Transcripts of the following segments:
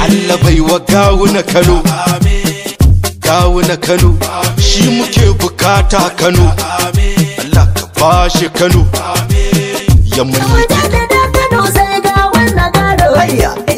Allah bai wa gawuna Kano gawuna Kano shi muke bukata Kano Allah ka bashi Kano ya mulki Kano sai ga wannan Kano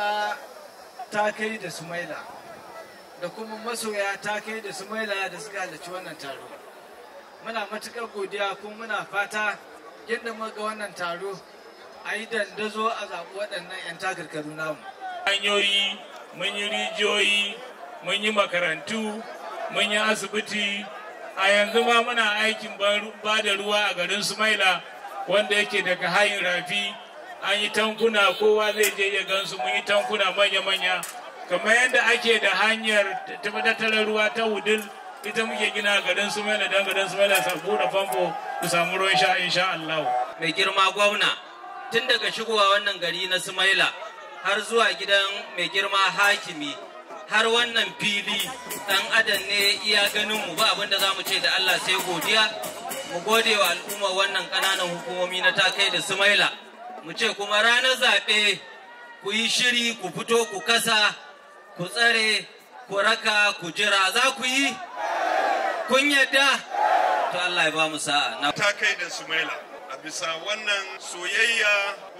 masoya ta kai da sumaila da kuma masoya ta kai da sumaila da suka halarci wannan taro muna matukar godiya kuma muna fata yadda ga wannan taro a yi dandazo a zaɓi waɗannan 'yan takarkaru namu hanyoyi mun yi rijiyoyi mun yi makarantu mun yi asibiti a yanzu ma muna aikin ba da ruwa a garin sumaila wanda yake daga hayin rafi an yi tankuna kowa zai je ya gansu mun yi tankuna manya-manya kamar yadda ake da hanyar tattalin ruwa ta wudil ita muke gina garin su mai don garin su mela sabu da famfo ku samu ruwan sha insha Allah. Mai girma gwamna tun daga shigowa wannan gari na Sumaila har zuwa gidan mai girma hakimi har wannan fili dan adam ne iya ganin mu ba abinda za mu ce da Allah sai godiya mu gode wa al'umma wannan kananan hukumomi na takai da Sumaila. mu ce kuma ranar zaɓe ku yi shiri ku fito ku kasa ku tsare ku raka ku jira za ku yi kun yadda to Allah ya ba mu sa'a na ta kai da sumaila a bisa wannan soyayya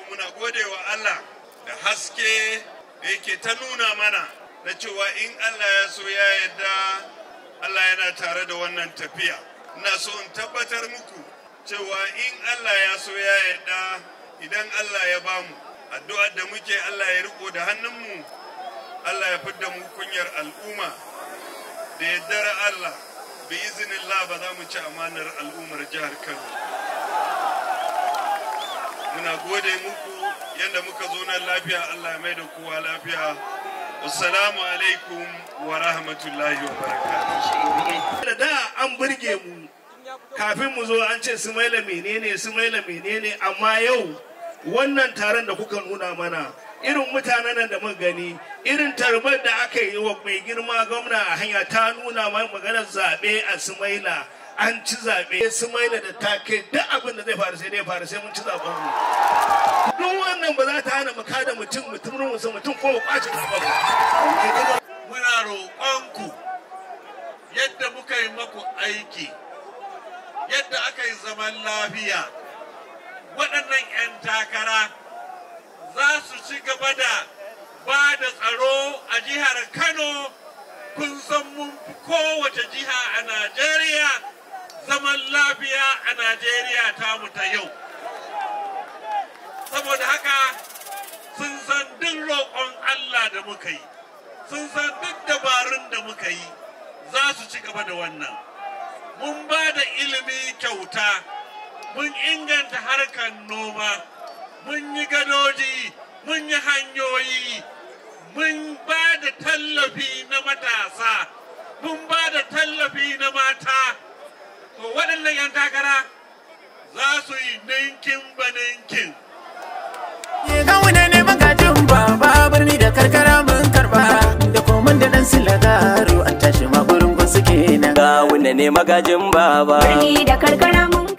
muna gode wa Allah da haske da yake ta nuna mana na cewa in Allah ya so ya yadda Allah yana tare da wannan tafiya ina so in tabbatar muku cewa in Allah ya so ya yarda idan Allah ya bamu addu'ar da muke Allah ya riko da hannunmu Allah ya fidda mu kunyar al'umma da dara Allah bi iznillah ba za mu ci amanar al'ummar jihar Kano muna gode muku yadda muka zo nan lafiya Allah ya mai da kowa lafiya assalamu alaikum wa rahmatullahi wa barakatuh da an burge mu kafin mu zo an ce su maila menene su maila menene amma yau wannan taron da kuka nuna mana irin mutanen nan da mun gani irin tarbar da aka yi wa mai girma gwamna a hanya ta nuna mai maganar zaɓe a sumaila an ci zaɓe sumaila da ta ke duk abin da zai faru sai dai faru sai mun ci zaɓen mu duk wannan ba za ta hana mu kada mutum mutum sa mutum ko mu kwace ba. muna roƙonku yadda muka yi maku aiki yadda aka yi zaman lafiya waɗannan 'yan takara za su ci gaba da ba da tsaro a jihar kano kun san mun fi kowace jiha a najeriya zaman lafiya a najeriya ta ta yau saboda haka sun san duk roƙon allah da muka yi sun san duk dabarun da muka yi za su ci gaba da wannan mun ba da ilimi kyauta mun inganta harkar noma mun yi gadoji mun yi hanyoyi mun ba da tallafi na matasa mun ba da tallafi na mata to waɗannan 'yan takara za su yi ninkin ba ninkin Gawuna ne magajin baba. Birni da karkara mun